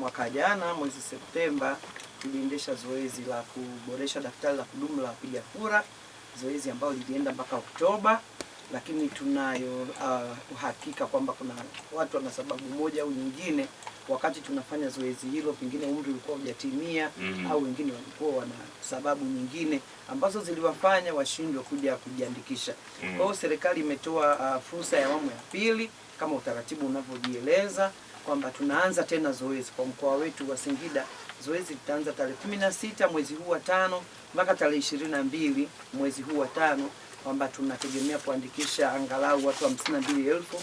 Mwaka jana mwezi Septemba tuliendesha zoezi la kuboresha daftari la kudumu la wapiga kura, zoezi ambalo lilienda mpaka Oktoba, lakini tunayo uh, uhakika kwamba kuna watu wana sababu moja au nyingine, wakati tunafanya zoezi hilo, pengine umri ulikuwa hujatimia mm -hmm. au wengine walikuwa wana sababu nyingine ambazo ziliwafanya washindwe kuja kujiandikisha mm -hmm. Kwa hiyo serikali imetoa uh, fursa ya awamu ya pili kama utaratibu unavyojieleza kwamba tunaanza tena zoezi kwa mkoa wetu wa Singida. Zoezi litaanza tarehe kumi na sita mwezi huu wa tano mpaka tarehe ishirini na mbili mwezi huu wa tano kwamba tunategemea kuandikisha angalau watu hamsini na mbili elfu.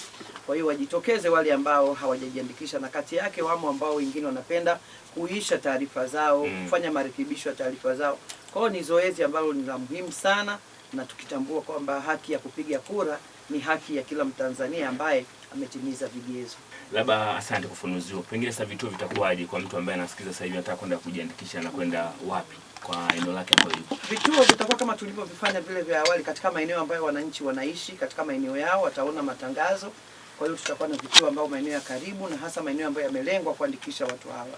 Kwa hiyo wajitokeze wale ambao hawajajiandikisha, na kati yake wamo ambao wengine wanapenda kuisha taarifa zao, mm. kufanya marekebisho ya taarifa zao. Kwa hiyo ni zoezi ambalo ni la muhimu sana na tukitambua kwamba haki ya kupiga kura ni haki ya kila Mtanzania ambaye ametimiza vigezo. Labda asante kufunuziwa, pengine sasa vituo vitakuwaje kwa mtu ambaye anasikiza sasa hivi anataka kwenda kujiandikisha na kwenda wapi kwa eneo lake ambayo yuko? Vituo vitakuwa kama tulivyovifanya vile vya awali, katika maeneo ambayo wananchi wanaishi katika maeneo yao wataona matangazo. Kwa hiyo tutakuwa na vituo ambao maeneo ya karibu na hasa maeneo ambayo yamelengwa kuandikisha watu hawa.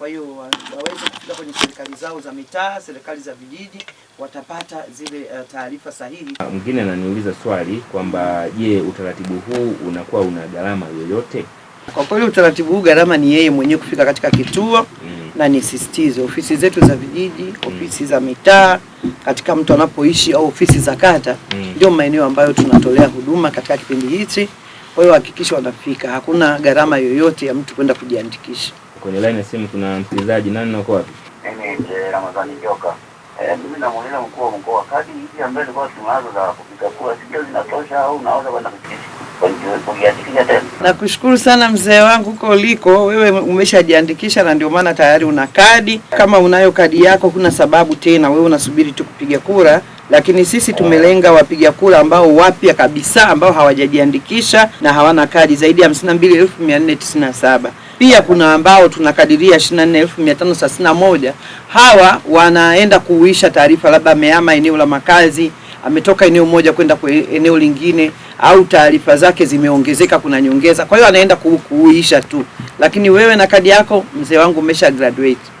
Kwa hiyo waweze kufika kwenye serikali zao za mitaa, serikali za vijiji, watapata zile eh, taarifa sahihi. Mwingine ananiuliza swali kwamba je, utaratibu huu unakuwa una gharama yoyote? Kwa kweli utaratibu huu gharama ni yeye mwenyewe kufika katika kituo mm. na nisisitize ofisi zetu za vijiji, mm. ofisi za mitaa katika mtu anapoishi au ofisi za kata mm. ndio mm. maeneo ambayo tunatolea huduma katika kipindi hichi. Kwa hiyo hakikisha wanafika, hakuna gharama yoyote ya mtu kwenda kujiandikisha. Kwenye line ya simu kuna msikilizaji, nani nako wapi? Mimi Ramadhani Joka. Eh, mimi namuuliza mkuu wa mkoa, kadi hizi ambazo tunazo za kupiga kura sio zinatosha au kwenda Nakushukuru sana mzee wangu huko uliko wewe, umeshajiandikisha na ndio maana tayari una kadi. Kama unayo kadi yako, kuna sababu tena wewe unasubiri tu kupiga kura lakini sisi tumelenga wapiga kura ambao wapya kabisa ambao hawajajiandikisha na hawana kadi zaidi ya 52,497. Pia kuna ambao tunakadiria 24531 hawa wanaenda kuuisha taarifa, labda ameama eneo la makazi, ametoka eneo moja kwenda kwa eneo lingine, au taarifa zake zimeongezeka, kuna nyongeza. Kwa hiyo anaenda kuuisha tu, lakini wewe na kadi yako, mzee wangu, umesha graduate.